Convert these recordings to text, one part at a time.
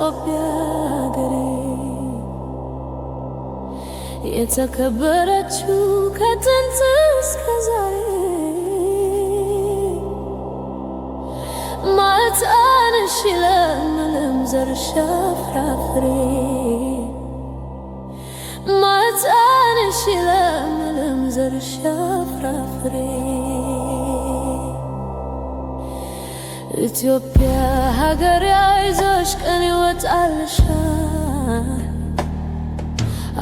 ኢትዮጵያ ሀገሬ የተከበረችው ከጥንት እስከ ዛሬ ማዕጣንሽ ለምለም ዘርሽ ፍራፍሬ ማዕጣንሽ ለምለም ዘርሽ ፍራፍሬ ኢትዮጵያ ሀገር አይዞሽ ቀን ይወጣልሻል።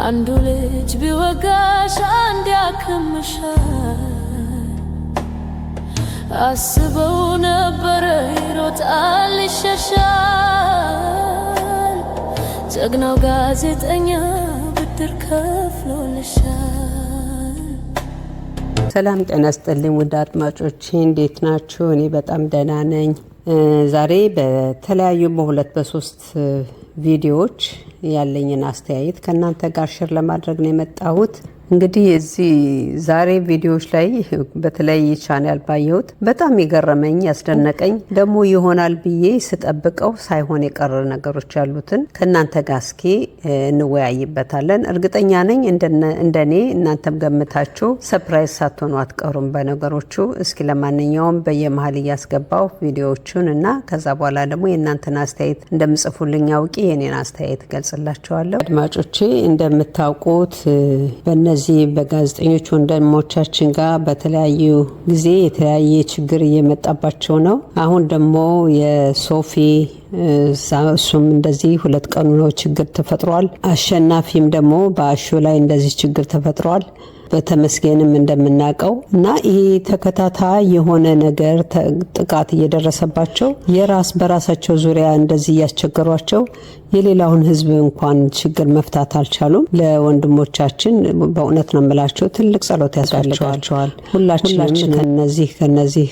አንዱ ልጅ ቢወጋሽ አንድ ያክምሻል። አስበው ነበረ ይሮጣል ይሸሻል። ጀግናው ጋዜጠኛ ብድር ከፍሎልሻል። ሰላም ጤና ስጥልኝ ውድ አጥማጮች እንዴት ናችሁ? እኔ በጣም ደህና ነኝ። ዛሬ በተለያዩ በሁለት በሶስት ቪዲዮዎች ያለኝን አስተያየት ከእናንተ ጋር ሽር ለማድረግ ነው የመጣሁት። እንግዲህ እዚህ ዛሬ ቪዲዮዎች ላይ በተለይ ቻናል ባየሁት በጣም የገረመኝ ያስደነቀኝ ደግሞ ይሆናል ብዬ ስጠብቀው ሳይሆን የቀረ ነገሮች ያሉትን ከእናንተ ጋር እስኪ እንወያይበታለን። እርግጠኛ ነኝ እንደኔ እናንተም ገምታችሁ ሰፕራይዝ ሳትሆኑ አትቀሩም በነገሮቹ። እስኪ ለማንኛውም በየመሀል እያስገባው ቪዲዮዎቹን እና ከዛ በኋላ ደግሞ የእናንተን አስተያየት እንደምጽፉልኝ አውቂ የኔን አስተያየት ገልጽላችኋለሁ። አድማጮቼ እንደምታውቁት በነ ከዚህ በጋዜጠኞች ወንድሞቻችን ጋር በተለያዩ ጊዜ የተለያየ ችግር እየመጣባቸው ነው። አሁን ደግሞ የሶፊ እሱም እንደዚህ ሁለት ቀኑ ነው ችግር ተፈጥሯል። አሸናፊም ደግሞ በአሹ ላይ እንደዚህ ችግር ተፈጥሯል። በተመስገንም እንደምናውቀው እና ይሄ ተከታታይ የሆነ ነገር ጥቃት እየደረሰባቸው የራስ በራሳቸው ዙሪያ እንደዚህ እያስቸገሯቸው የሌላውን ህዝብ እንኳን ችግር መፍታት አልቻሉም። ለወንድሞቻችን በእውነት ነው የምላቸው ትልቅ ጸሎት ያስፈልጋቸዋል። ሁላችንም ከነዚህ ከነዚህ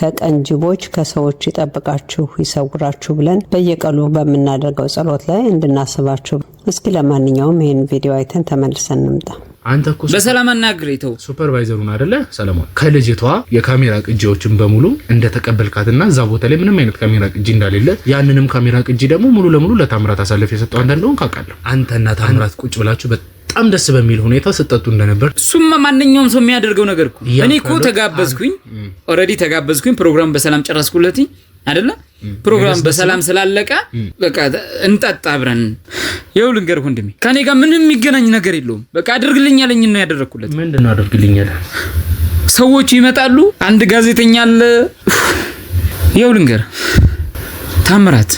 ከቀንጅቦች ከሰዎች ይጠብቃችሁ ይሰውራችሁ ብለን በየቀሉ በምናደርገው ጸሎት ላይ እንድናስባችሁ እስኪ ለማንኛውም ይህን ቪዲዮ አይተን ተመልሰን እንምጣ። አንተ እኮ በሰላም አናግረኝ። ተው ሱፐርቫይዘሩን አደለ ሰለሞን፣ ከልጅቷ የካሜራ ቅጂዎችን በሙሉ እንደተቀበልካትና እዛ ቦታ ላይ ምንም አይነት ካሜራ ቅጂ እንዳሌለ ያንንም ካሜራ ቅጂ ደግሞ ሙሉ ለሙሉ ለታምራት አሳልፍ የሰጠው አንተ እንደሆን ካውቃለሁ። አንተና ታምራት ቁጭ ብላችሁ በጣም ደስ በሚል ሁኔታ ስጠጡ እንደነበር እሱማ ማንኛውም ሰው የሚያደርገው ነገር እኮ እኔ እኮ ተጋበዝኩኝ፣ ኦልሬዲ ተጋበዝኩኝ፣ ፕሮግራም በሰላም ጨረስኩለትኝ አይደለ? ፕሮግራም በሰላም ስላለቀ በቃ እንጠጣ አብረን። ይኸው ልንገርህ ወንድሜ፣ ከኔ ጋር ምንም የሚገናኝ ነገር የለውም። በቃ አድርግልኝ ያለኝ ነው ያደረግኩለት። ምንድን ነው አድርግልኝ ያለ? ሰዎቹ ይመጣሉ። አንድ ጋዜጠኛ አለ። ይኸው ልንገርህ ታምራት፣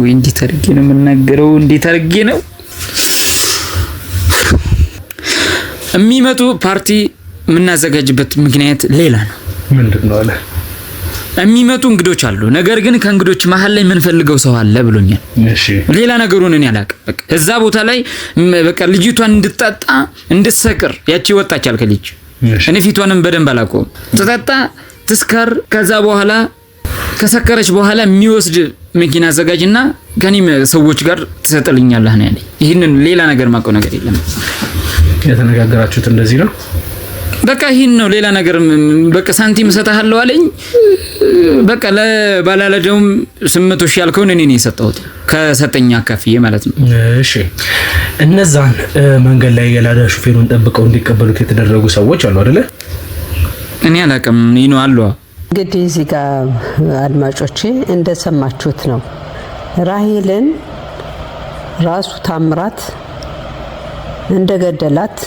ወይ እንዴት አድርጌ ነው የምናገረው? እንዴት አድርጌ ነው የሚመጡ ፓርቲ የምናዘጋጅበት ምክንያት ሌላ ነው። ምንድን ነው አለ የሚመጡ እንግዶች አሉ። ነገር ግን ከእንግዶች መሀል ላይ የምንፈልገው ሰው አለ ብሎኛል። ሌላ ነገሩን እኔ አላቅም። እዛ ቦታ ላይ በቃ ልጅቷን እንድጠጣ እንድሰቅር ያቺ ወጣቻል ልጅ እኔ ፊቷንም በደንብ አላውቀውም። ትጠጣ ትስከር። ከዛ በኋላ ከሰከረች በኋላ የሚወስድ መኪና አዘጋጅና ከኔም ሰዎች ጋር ትሰጥልኛለህ ነው ያለኝ። ይህንን ሌላ ነገር ማውቀው ነገር የለም። የተነጋገራችሁት እንደዚህ ነው። በቃ ይህን ነው። ሌላ ነገር በቃ ሳንቲም እሰጥሃለሁ አለኝ። በቃ ለባላለደውም ስምንት ሺህ ያልከውን እኔ ነው የሰጠሁት ከሰጠኛ አካፍዬ ማለት ነው። እሺ እነዛን መንገድ ላይ የላዳ ሹፌሩን ጠብቀው እንዲቀበሉት የተደረጉ ሰዎች አሉ አይደለ? እኔ አላውቅም። ይኑ አሉ። እንግዲህ እዚህ ጋር አድማጮቼ እንደሰማችሁት ነው ራሄልን ራሱ ታምራት እንደገደላት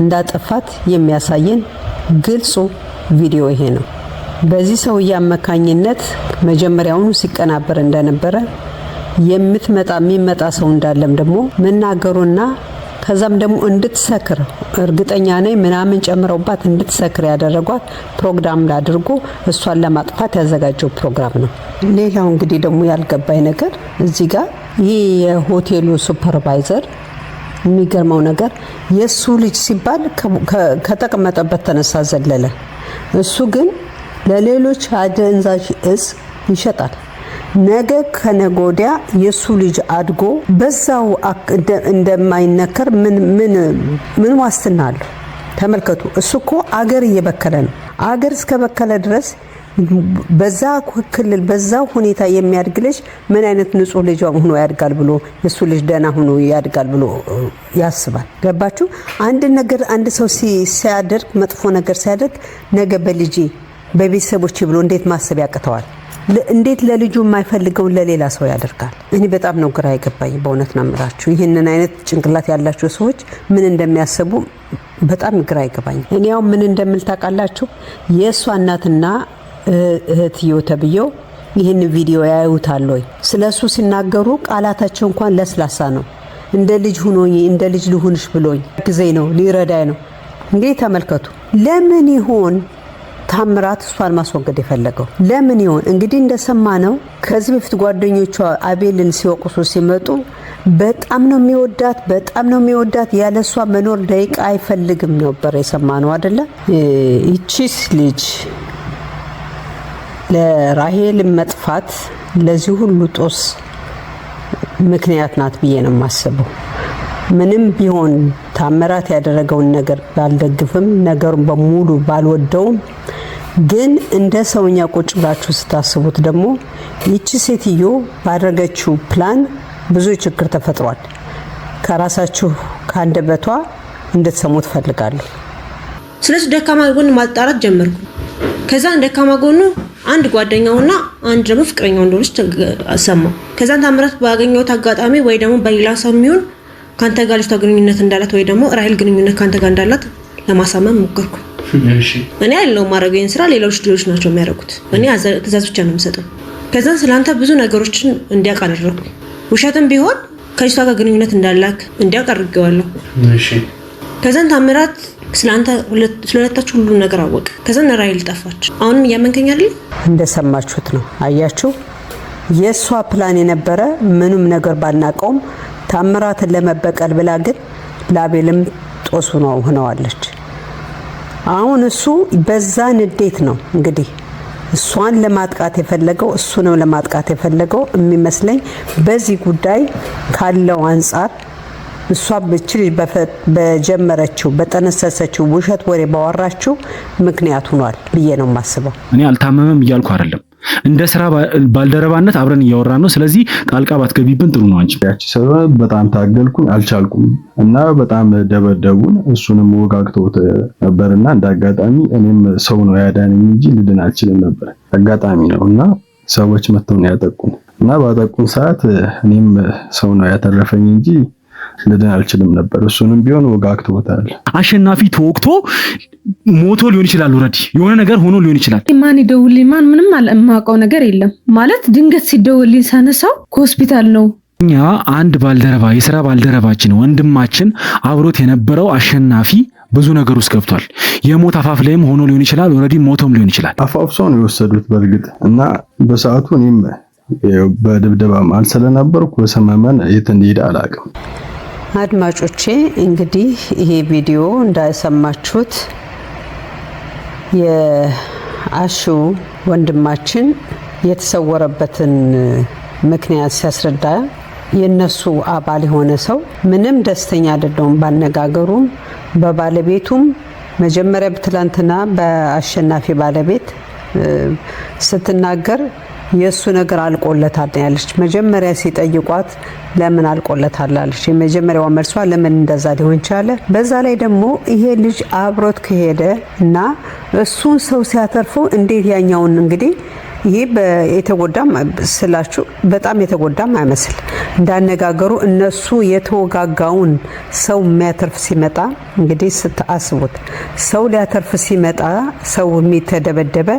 እንዳጠፋት የሚያሳየን ግልጹ ቪዲዮ ይሄ ነው። በዚህ ሰውዬ አማካኝነት መጀመሪያውኑ ሲቀናበር እንደነበረ የምትመጣ የሚመጣ ሰው እንዳለም ደግሞ መናገሩና ከዛም ደግሞ እንድትሰክር እርግጠኛ ነኝ ምናምን ጨምረውባት እንድትሰክር ያደረጓት ፕሮግራም አድርጎ እሷን ለማጥፋት ያዘጋጀው ፕሮግራም ነው። ሌላው እንግዲህ ደግሞ ያልገባኝ ነገር እዚህ ጋር ይህ የሆቴሉ ሱፐርቫይዘር የሚገርመው ነገር የእሱ ልጅ ሲባል ከተቀመጠበት ተነሳ ዘለለ። እሱ ግን ለሌሎች አደንዛዥ እጽ ይሸጣል። ነገ ከነገ ወዲያ የእሱ ልጅ አድጎ በዛው እንደማይነከር ምን ዋስትና አለው? ተመልከቱ። እሱ እኮ አገር እየበከለ ነው። አገር እስከ በከለ ድረስ በዛ ክልል በዛ ሁኔታ የሚያድግ ልጅ ምን አይነት ንጹህ ልጅ ሆኖ ያድጋል ብሎ የእሱ ልጅ ደህና ሆኖ ያድጋል ብሎ ያስባል። ገባችሁ? አንድ ነገር አንድ ሰው ሲያደርግ መጥፎ ነገር ሲያደርግ ነገ በልጄ በቤተሰቦቼ ብሎ እንዴት ማሰብ ያቅተዋል? እንዴት ለልጁ የማይፈልገውን ለሌላ ሰው ያደርጋል? እኔ በጣም ነው ግራ የገባኝ። በእውነት ነው የምላችሁ። ይህንን አይነት ጭንቅላት ያላቸው ሰዎች ምን እንደሚያስቡ በጣም ግራ ይገባኝ። እኔ ያው ምን እንደምል ታውቃላችሁ የእሷ እናትና እህትዮ ተብዬው ይህን ቪዲዮ ያዩታል ወይ? ስለ እሱ ሲናገሩ ቃላታቸው እንኳን ለስላሳ ነው። እንደ ልጅ ሁኖኝ እንደ ልጅ ልሁንሽ ብሎኝ ጊዜ ነው ሊረዳይ ነው። እንግዲህ ተመልከቱ። ለምን ይሆን ታምራት እሷን ማስወገድ የፈለገው ለምን ይሆን? እንግዲህ እንደሰማነው ከዚህ በፊት ጓደኞቿ አቤልን ሲወቅሱ ሲመጡ በጣም ነው የሚወዳት፣ በጣም ነው የሚወዳት፣ ያለ እሷ መኖር ደቂቃ አይፈልግም ነበር የሰማነው አደለ? ይቺስ ልጅ ለራሄል መጥፋት ለዚህ ሁሉ ጦስ ምክንያት ናት ብዬ ነው የማስበው። ምንም ቢሆን ታምራት ያደረገውን ነገር ባልደግፍም፣ ነገሩን በሙሉ ባልወደውም፣ ግን እንደ ሰውኛ ቁጭ ብላችሁ ስታስቡት ደግሞ ይቺ ሴትዮ ባደረገችው ፕላን ብዙ ችግር ተፈጥሯል። ከራሳችሁ ከአንደበቷ እንድትሰሙ ትፈልጋለሁ። ስለዚህ ደካማ ጎን ማጣራት ጀመርኩ። ከዛ ደካማ ጎኑ አንድ ጓደኛውና አንድ ደግሞ ፍቅረኛው እንደሆነች ሰማው። ከዛን ታምራት ባገኘሁት አጋጣሚ ወይ ደግሞ በሌላ ሰው የሚሆን ከአንተ ጋር ልጅቷ ግንኙነት እንዳላት ወይ ደግሞ ራሄል ግንኙነት ከአንተ ጋር እንዳላት ለማሳመን ሞከርኩ። እኔ ያለው ማድረግ ይህን ስራ ሌሎች ልጆች ናቸው የሚያደርጉት። እኔ ትእዛዝ ብቻ ነው የምሰጠው። ከዛን ስለአንተ ብዙ ነገሮችን እንዲያውቅ አደረኩ። ውሸትም ቢሆን ከልጅቷ ጋር ግንኙነት እንዳላክ እንዲያውቅ አድርጌዋለሁ። ከዛን ታምራት ስለአንተ ስለሁለታችሁ ሁሉን ነገር አወቀ። ከዛ ራሔል ጠፋች። አሁንም እያመንከኝ አይደል? እንደሰማችሁት ነው። አያችሁ፣ የእሷ ፕላን የነበረ ምንም ነገር ባናቀውም ታምራትን ለመበቀል ብላ ግን ላቤልም ጦሱ ነው ሆነዋለች። አሁን እሱ በዛ ንዴት ነው እንግዲህ እሷን ለማጥቃት የፈለገው እሱንም ለማጥቃት የፈለገው የሚመስለኝ በዚህ ጉዳይ ካለው አንጻር እሷ እች ልጅ በጀመረችው በጠነሰሰችው ውሸት ወሬ ባወራችው ምክንያት ሆኗል ብዬ ነው የማስበው። እኔ አልታመመም እያልኩ አይደለም፣ እንደ ስራ ባልደረባነት አብረን እያወራን ነው። ስለዚህ ጣልቃ ባትገቢብን ጥሩ ነው። አንቺ ያቺ ሰበብ በጣም ታገልኩኝ፣ አልቻልኩም እና በጣም ደበደቡን። እሱንም ወጋግተውት ነበርና እንደ አጋጣሚ እኔም ሰው ነው ያዳነኝ እንጂ ልድን አልችልም ነበር። አጋጣሚ ነው እና ሰዎች መጥተው ነው ያጠቁን እና ባጠቁን ሰዓት እኔም ሰው ነው ያተረፈኝ እንጂ ልድን አልችልም ነበር። እሱንም ቢሆን ወጋግቶታል። አሸናፊ ተወቅቶ ሞቶ ሊሆን ይችላል። ውረድ የሆነ ነገር ሆኖ ሊሆን ይችላል። ማን ይደውልልኝ? ማን ምንም የማውቀው ነገር የለም ማለት ድንገት ሲደውልኝ ሳነሳው ከሆስፒታል ነው እኛ አንድ ባልደረባ የስራ ባልደረባችን ወንድማችን አብሮት የነበረው አሸናፊ ብዙ ነገር ውስጥ ገብቷል። የሞት አፋፍ ላይም ሆኖ ሊሆን ይችላል። ኦልሬዲ ሞቶም ሊሆን ይችላል። አፋፍሰው ነው የወሰዱት በእርግጥ እና በሰዓቱ እኔም በድብደባም ስለነበርኩ በሰመመን የት እንደሄደ አላውቅም። አድማጮቼ እንግዲህ ይሄ ቪዲዮ እንዳይሰማችሁት የአሹ ወንድማችን የተሰወረበትን ምክንያት ሲያስረዳ የእነሱ አባል የሆነ ሰው ምንም ደስተኛ አይደለውም ባነጋገሩም በባለቤቱም መጀመሪያ ትላንትና በአሸናፊ ባለቤት ስትናገር የእሱ ነገር አልቆለታል ያለች። መጀመሪያ ሲጠይቋት ለምን አልቆለታል አለች። የመጀመሪያዋ መልሷ ለምን እንደዛ ሊሆን ቻለ? በዛ ላይ ደግሞ ይሄ ልጅ አብሮት ከሄደ እና እሱን ሰው ሲያተርፉ እንዴት ያኛውን እንግዲህ ይህ የተጎዳም ስላችሁ በጣም የተጎዳም አይመስል እንዳነጋገሩ እነሱ የተወጋጋውን ሰው የሚያተርፍ ሲመጣ እንግዲህ ስታስቡት ሰው ሊያተርፍ ሲመጣ ሰው የሚተደበደበ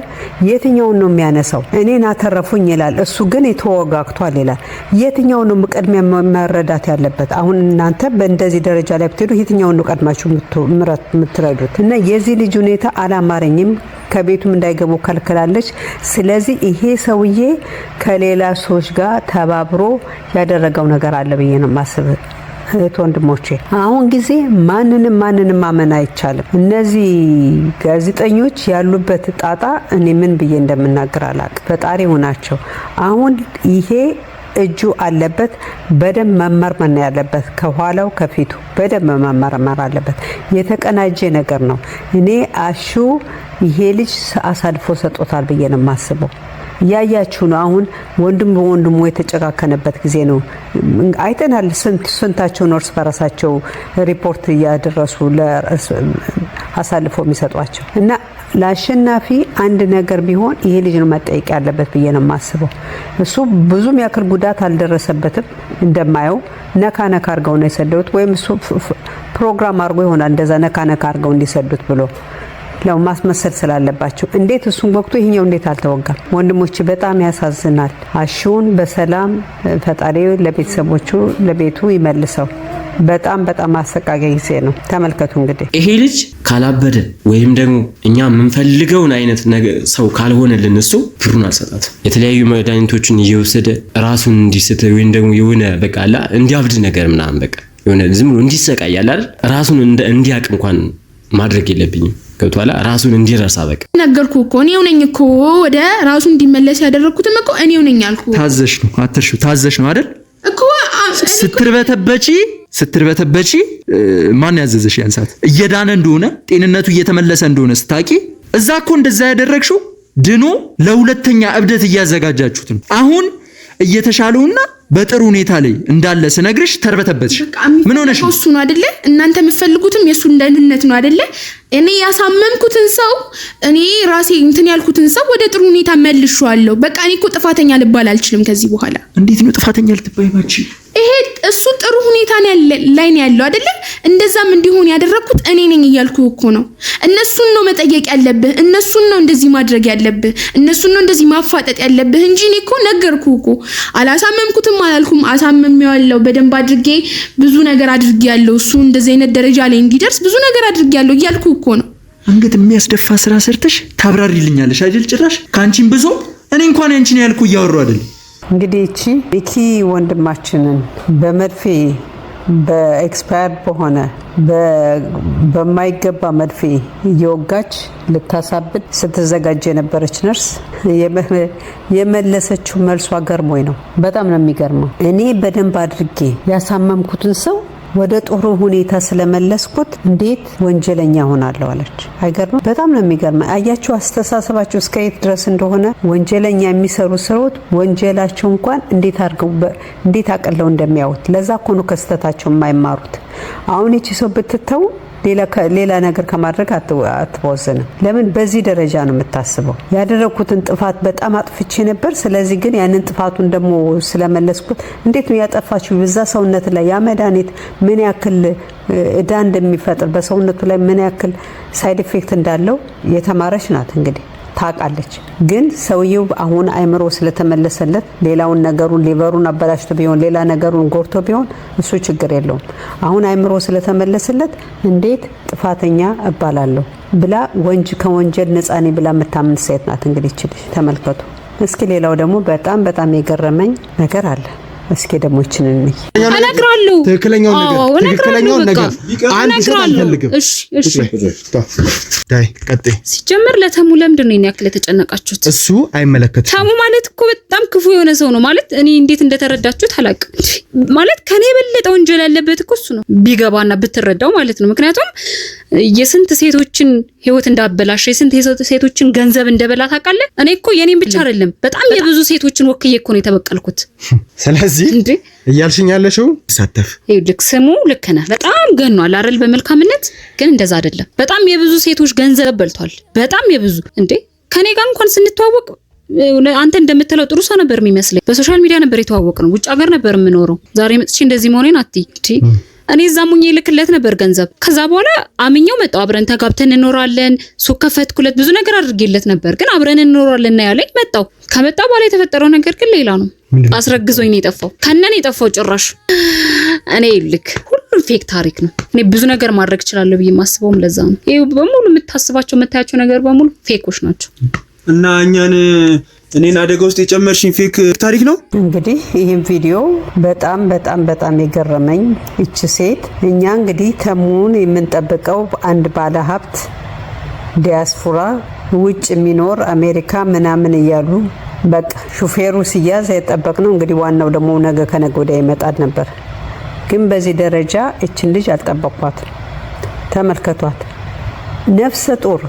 የትኛውን ነው የሚያነሳው? እኔን አተረፉኝ ይላል፣ እሱ ግን የተወጋግቷል ይላል። የትኛው ነው ቅድሚያ መረዳት ያለበት? አሁን እናንተ በእንደዚህ ደረጃ ላይ ብትሄዱ የትኛውን ነው ቀድማችሁ የምትረዱት? እና የዚህ ልጅ ሁኔታ አላማረኝም። ከቤቱም እንዳይገቡ ከልክላለች። ስለዚህ ይሄ ሰውዬ ከሌላ ሰዎች ጋር ተባብሮ ያደረገው ነገር አለ ብዬ ነው ማስብ። እህት ወንድሞቼ፣ አሁን ጊዜ ማንንም ማንንም ማመን አይቻልም። እነዚህ ጋዜጠኞች ያሉበት ጣጣ እኔ ምን ብዬ እንደምናገር አላቅ። ፈጣሪ ሆናቸው አሁን ይሄ እጁ አለበት። በደንብ መመርመር ነው ያለበት። ከኋላው ከፊቱ በደንብ መመርመር አለበት። የተቀናጀ ነገር ነው። እኔ አሹ ይሄ ልጅ አሳልፎ ሰጦታል ብዬ ነው የማስበው። እያያችሁ ነው። አሁን ወንድም በወንድሙ የተጨካከነበት ጊዜ ነው። አይተናል። ስንታቸውን እርስ በራሳቸው ሪፖርት እያደረሱ አሳልፎ የሚሰጧቸው እና ለአሸናፊ አንድ ነገር ቢሆን ይሄ ልጅ ነው መጠየቅ ያለበት ብዬ ነው የማስበው። እሱ ብዙም ያክል ጉዳት አልደረሰበትም እንደማየው ነካ ነካ አድርገው ነው የሰደዱት። ወይም እሱ ፕሮግራም አድርጎ ይሆናል እንደዛ ነካ ነካ አድርገው እንዲሰዱት ብሎ ያው ማስመሰል ስላለባቸው እንዴት እሱን ወቅቱ ይሄኛው እንዴት አልተወጋም? ወንድሞች በጣም ያሳዝናል። አሹን በሰላም ፈጣሪ ለቤተሰቦቹ ለቤቱ ይመልሰው። በጣም በጣም አሰቃቂ ጊዜ ነው። ተመልከቱ እንግዲህ ይሄ ልጅ ካላበደ ወይም ደግሞ እኛ የምንፈልገውን አይነት ሰው ካልሆነልን እሱ ብሩን አልሰጣት የተለያዩ መድኃኒቶችን እየወሰደ ራሱን እንዲስት ወይም ደግሞ የሆነ በቃላ እንዲያብድ ነገር ምናምን በቃ የሆነ ዝም ብሎ እንዲሰቃያል አይደል ራሱን እንዲያቅ እንኳን ማድረግ የለብኝም። ገብቷል። ራሱን እንዲረሳ በቃ ነገርኩ እኮ እኔው ነኝ እኮ ወደ ራሱ እንዲመለስ ያደረግኩትም እኮ እኔው ነኝ አልኩ። ታዘሽ ነው አትርሹ፣ ታዘሽ ነው አይደል እኮ ስትርበተበጪ ስትርበተበጪ ማን ያዘዘሽ? ያን ሰዓት እየዳነ እንደሆነ ጤንነቱ እየተመለሰ እንደሆነ ስታቂ እዛ እኮ እንደዛ ያደረግሽው ድኖ ለሁለተኛ እብደት እያዘጋጃችሁት ነው። አሁን እየተሻለውና በጥሩ ሁኔታ ላይ እንዳለ ስነግርሽ ተርበተበትሽ። ምን ሆነሽ? እሱ ነው አይደለ እናንተ የምትፈልጉትም የእሱን ደህንነት ነው አይደለ እኔ ያሳመምኩትን ሰው እኔ ራሴ እንትን ያልኩትን ሰው ወደ ጥሩ ሁኔታ መልሼዋለሁ። በቃ እኔ እኮ ጥፋተኛ ልባል አልችልም ከዚህ በኋላ። እንዴት ነው ጥፋተኛ ልትባይ? ማች ይሄ እሱ ጥሩ ሁኔታ ላይ ነው ያለው አይደለም። እንደዛም እንዲሆን ያደረግኩት እኔ ነኝ እያልኩ እኮ ነው። እነሱን ነው መጠየቅ ያለብህ፣ እነሱን ነው እንደዚህ ማድረግ ያለብህ፣ እነሱን ነው እንደዚህ ማፋጠጥ ያለብህ እንጂ እኔ እኮ ነገርኩ እኮ። አላሳመምኩትም አላልኩም፣ አሳምሜዋለሁ። በደንብ አድርጌ ብዙ ነገር አድርጌ ያለው እሱ እንደዚህ አይነት ደረጃ ላይ እንዲደርስ ብዙ ነገር ያለው እያልኩ እኮ ነው። አንገት የሚያስደፋ ስራ ሰርተሽ ታብራሪልኛለሽ አይደል? ጭራሽ ከአንቺን ብዙ እኔ እንኳን ያንቺን ያልኩ እያወሩ አይደል? እንግዲህ እቺ ቤኪ ወንድማችንን በመድፌ በኤክስፓየርድ በሆነ በማይገባ መድፌ እየወጋች ልታሳብድ ስትዘጋጅ የነበረች ነርስ የመለሰችው መልሷ ገርሞኝ ነው። በጣም ነው የሚገርመው። እኔ በደንብ አድርጌ ያሳመምኩትን ሰው ወደ ጥሩ ሁኔታ ስለመለስኩት እንዴት ወንጀለኛ ሆናለሁ አለች። አይገርምም? በጣም ነው የሚገርመ። አያችሁ አስተሳሰባቸው እስከየት ድረስ እንደሆነ። ወንጀለኛ የሚሰሩ ሰዎች ወንጀላቸው እንኳን እንዴት አድርገው እንዴት አቅለው እንደሚያዩት። ለዛ እኮ ነው ከስተታቸው የማይማሩት። አሁን ይቺ ሰው ብትተው ሌላ ነገር ከማድረግ አትወስንም። ለምን በዚህ ደረጃ ነው የምታስበው? ያደረግኩትን ጥፋት በጣም አጥፍቼ ነበር። ስለዚህ ግን ያንን ጥፋቱን ደግሞ ስለመለስኩት እንዴት ነው ያጠፋችው በዛ ሰውነት ላይ ያ መድኃኒት ምን ያክል እዳ እንደሚፈጥር በሰውነቱ ላይ ምን ያክል ሳይድ ኢፌክት እንዳለው የተማረች ናት እንግዲህ ታውቃለች። ግን ሰውየው አሁን አይምሮ ስለተመለሰለት ሌላውን ነገሩን ሊቨሩን አበላሽቶ ቢሆን ሌላ ነገሩን ጎርቶ ቢሆን እሱ ችግር የለውም። አሁን አይምሮ ስለተመለሰለት እንዴት ጥፋተኛ እባላለሁ ብላ ወንጅ ከወንጀል ነፃኔ ነኝ ብላ የምታምን ሴት ናት። እንግዲህ ተመልከቱ እስኪ። ሌላው ደግሞ በጣም በጣም የገረመኝ ነገር አለ። እስኪ ደግሞ ይችላል እነግረዋለሁ። ትክክለኛውን ነገር ትክክለኛውን ነገር አንድ ሰው አልፈልግም። እሺ እሺ፣ ዳይ ቀጥይ። ሲጀመር ለተሙ ለምንድን ነው ያክል የተጨነቃችሁት? እሱ አይመለከትም። ተሙ ማለት እኮ በጣም ክፉ የሆነ ሰው ነው ማለት እኔ እንዴት እንደተረዳችሁት አላውቅም። ማለት ከኔ የበለጠ ወንጀል ያለበት እኮ እሱ ነው ቢገባና ብትረዳው ማለት ነው። ምክንያቱም የስንት ሴቶችን ህይወት እንዳበላሸ የስንት ሴቶችን ገንዘብ እንደበላ ታውቃለህ። እኔ እኮ የኔን ብቻ አይደለም በጣም የብዙ ሴቶችን ወክዬ እኮ ነው የተበቀልኩት። ስለዚህ ስለዚህ እያልሽኝ ያለሽው ይሳተፍ። ይኸውልህ ስሙ ልክ ነህ፣ በጣም ገኗል አይደል? በመልካምነት ግን እንደዛ አይደለም። በጣም የብዙ ሴቶች ገንዘብ በልቷል። በጣም የብዙ እንዴ ከኔ ጋር እንኳን ስንተዋወቅ አንተ እንደምትለው ጥሩ ሰው ነበር የሚመስለኝ። በሶሻል ሚዲያ ነበር የተዋወቅ ነው። ውጭ ሀገር ነበር የምኖረው። ዛሬ መጥቼ እንደዚህ መሆኔን አትይ እኔ እዛ ሙኜ ልክለት ነበር ገንዘብ። ከዛ በኋላ አምኜው መጣው። አብረን ተጋብተን እንኖራለን፣ ሱቅ ከፈትኩለት፣ ብዙ ነገር አድርጌለት ነበር። ግን አብረን እንኖራለን እና ያለኝ መጣው። ከመጣ በኋላ የተፈጠረው ነገር ግን ሌላ ነው። አስረግዞኝ ነው የጠፋው፣ ከነን የጠፋው ጭራሽ። እኔ ልክ ሁሉም ፌክ ታሪክ ነው። እኔ ብዙ ነገር ማድረግ እችላለሁ ብዬ ማስበውም ለዛ ነው። ይሄ በሙሉ የምታስባቸው የምታያቸው ነገር በሙሉ ፌኮች ናቸው እና እኛን እኔን አደጋ ውስጥ የጨመርሽኝ ፌክ ታሪክ ነው። እንግዲህ ይህም ቪዲዮ በጣም በጣም በጣም የገረመኝ ይች ሴት እኛ እንግዲህ ከሙን የምንጠብቀው አንድ ባለ ሀብት ዲያስፖራ ውጭ የሚኖር አሜሪካ ምናምን እያሉ በቃ ሹፌሩ ሲያዝ ነው እንግዲህ ዋናው ደግሞ ነገ ከነገ ወዲያ ይመጣል ነበር። ግን በዚህ ደረጃ እችን ልጅ አልጠበቅኳት። ተመልከቷት፣ ነፍሰ ጡር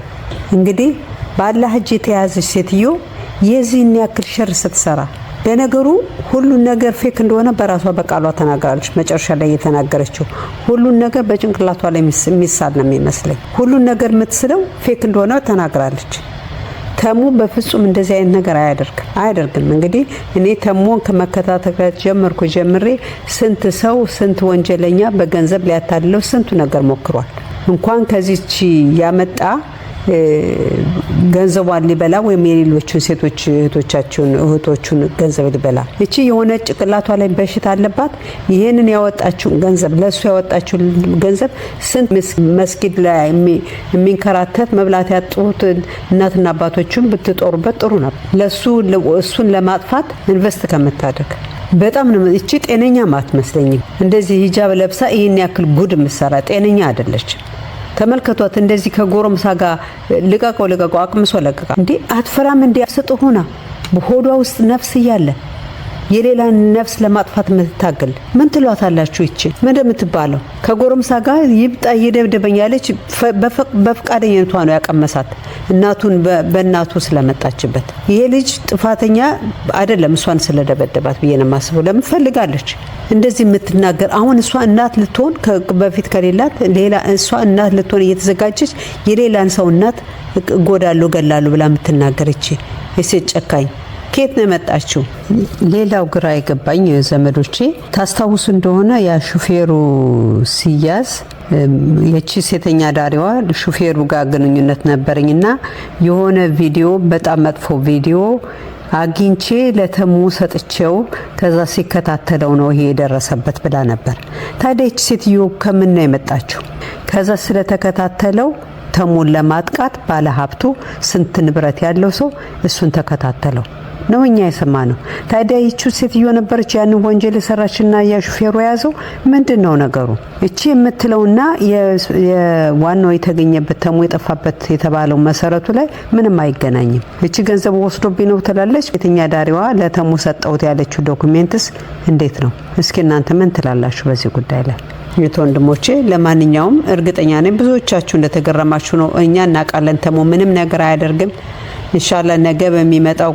እንግዲህ ባለ ሀጅ የተያዘች ሴትዮ የዚህን ያክል ሸር ስትሰራ ለነገሩ ሁሉን ነገር ፌክ እንደሆነ በራሷ በቃሏ ተናግራለች። መጨረሻ ላይ የተናገረችው ሁሉን ነገር በጭንቅላቷ ላይ የሚሳል ነው የሚመስለኝ። ሁሉን ነገር የምትስለው ፌክ እንደሆነ ተናግራለች። ተሙ በፍጹም እንደዚህ አይነት ነገር አያደርግም አያደርግም። እንግዲህ እኔ ተሞን ከመከታተል ጀመርኩ ጀምሬ ስንት ሰው ስንት ወንጀለኛ በገንዘብ ሊያታልለው ስንቱ ነገር ሞክሯል። እንኳን ከዚች ያመጣ ገንዘቧን ሊበላ ወይም የሌሎችን ሴቶች እህቶቻቸውን እህቶቹን ገንዘብ ሊበላ እቺ የሆነ ጭቅላቷ ላይ በሽታ አለባት። ይህንን ያወጣችውን ገንዘብ ለእሱ ያወጣችውን ገንዘብ ስንት መስጊድ ላይ የሚንከራተት መብላት ያጡት እናትና አባቶችን ብትጦሩበት ጥሩ ነበር። ለሱ እሱን ለማጥፋት ኢንቨስት ከምታደርግ በጣም ነው። እቺ ጤነኛም አትመስለኝም። እንደዚህ ሂጃብ ለብሳ ይህን ያክል ጉድ ምሰራ ጤነኛ አይደለችም። ተመልከቷት። እንደዚህ ከጎረምሳ ጋር ልቀቀው ልቀቀው አቅምሶ ለቀቃ። እንዴ አትፈራም? እንዲ ስጥ ሆና በሆዷ ውስጥ ነፍስ እያለ የሌላን ነፍስ ለማጥፋት የምትታገል ምን አላችሁ? ይቺ ምን እንደምትባለው ከጎረምሳ ጋር ይብጣ ይደብደበኝ ያለች በፈቃደኝነቷ ነው ያቀመሳት፣ እናቱን በእናቱ ስለመጣችበት። ይሄ ልጅ ጥፋተኛ አይደለም እሷን ስለደበደባት ብዬ ነው የማስበው። ለምን ፈልጋለች? እንደዚህ የምትናገር አሁን እሷ እናት ልትሆን በፊት ከሌላት ሌላ እሷ እናት ልትሆን እየተዘጋጀች የሌላን ሰው እናት እጎዳለሁ እገላለሁ ብላ የምትናገረች ሴት ጨካኝ ኬት ነው የመጣችው? ሌላው ግራ የገባኝ ዘመዶቼ ታስታውሱ እንደሆነ ያ ሹፌሩ ሲያዝ የቺ ሴተኛ ዳሪዋ ሹፌሩ ጋር ግንኙነት ነበረኝ እና የሆነ ቪዲዮ በጣም መጥፎ ቪዲዮ አግኝቼ ለተሙ ሰጥቼው ከዛ ሲከታተለው ነው ይሄ የደረሰበት ብላ ነበር። ታዲያ ይች ሴትዮ ከምን ነው የመጣችው? ከዛ ስለተከታተለው ተሙን ለማጥቃት ባለሀብቱ ስንት ንብረት ያለው ሰው እሱን ተከታተለው። ነው እኛ የሰማ ነው። ታዲያ ይቺ ሴትዮ ነበረች ያንን ወንጀል የሰራችና ያ የያዘው ምንድን ነው ነገሩ? እቺ የምትለውና ዋናው የተገኘበት ተሙ የጠፋበት የተባለው መሰረቱ ላይ ምንም አይገናኝም። እቺ ገንዘብ ወስዶብኝ ነው ትላለች። የትኛ ዳሪዋ ለተሙ ሰጠውት ያለችው ዶኩሜንትስ እንዴት ነው? እስኪ እናንተ ምን ትላላችሁ በዚህ ጉዳይ ላይ? የት ወንድሞቼ፣ ለማንኛውም እርግጠኛ ነኝ ብዙዎቻችሁ እንደተገረማችሁ ነው። እኛ እናውቃለን፣ ተሞ ምንም ነገር አያደርግም። እንሻላ ነገ በሚመጣው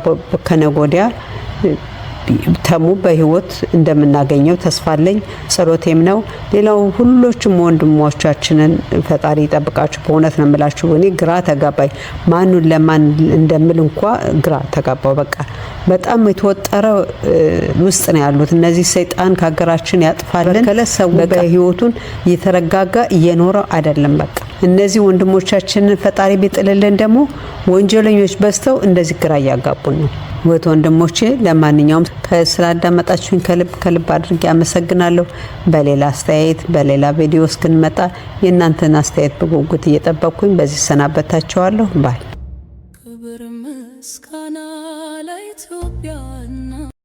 ከነጎዲያ ተሙ በህይወት እንደምናገኘው ተስፋ አለኝ። ጸሎቴም ነው። ሌላው ሁሎችም ወንድሞቻችንን ፈጣሪ ይጠብቃችሁ። በእውነት ነው የምላችሁ። እኔ ግራ ተጋባኝ። ማኑን ለማን እንደምል እንኳ ግራ ተጋባው። በቃ በጣም የተወጠረ ውስጥ ነው ያሉት እነዚህ። ሰይጣን ከሀገራችን ያጥፋልን። ከለ ሰው በህይወቱን እየተረጋጋ እየኖረ አይደለም በቃ እነዚህ ወንድሞቻችንን ፈጣሪ ቢጥልልን ደግሞ ወንጀለኞች በዝተው እንደዚህ ግራ እያጋቡን ነው። ወት ወንድሞቼ፣ ለማንኛውም ስላዳመጣችሁኝ ከልብ ከልብ አድርጌ አመሰግናለሁ። በሌላ አስተያየት በሌላ ቪዲዮ እስክንመጣ የእናንተን አስተያየት በጉጉት እየጠበቅኩኝ በዚህ ሰናበታችኋለሁ ባይ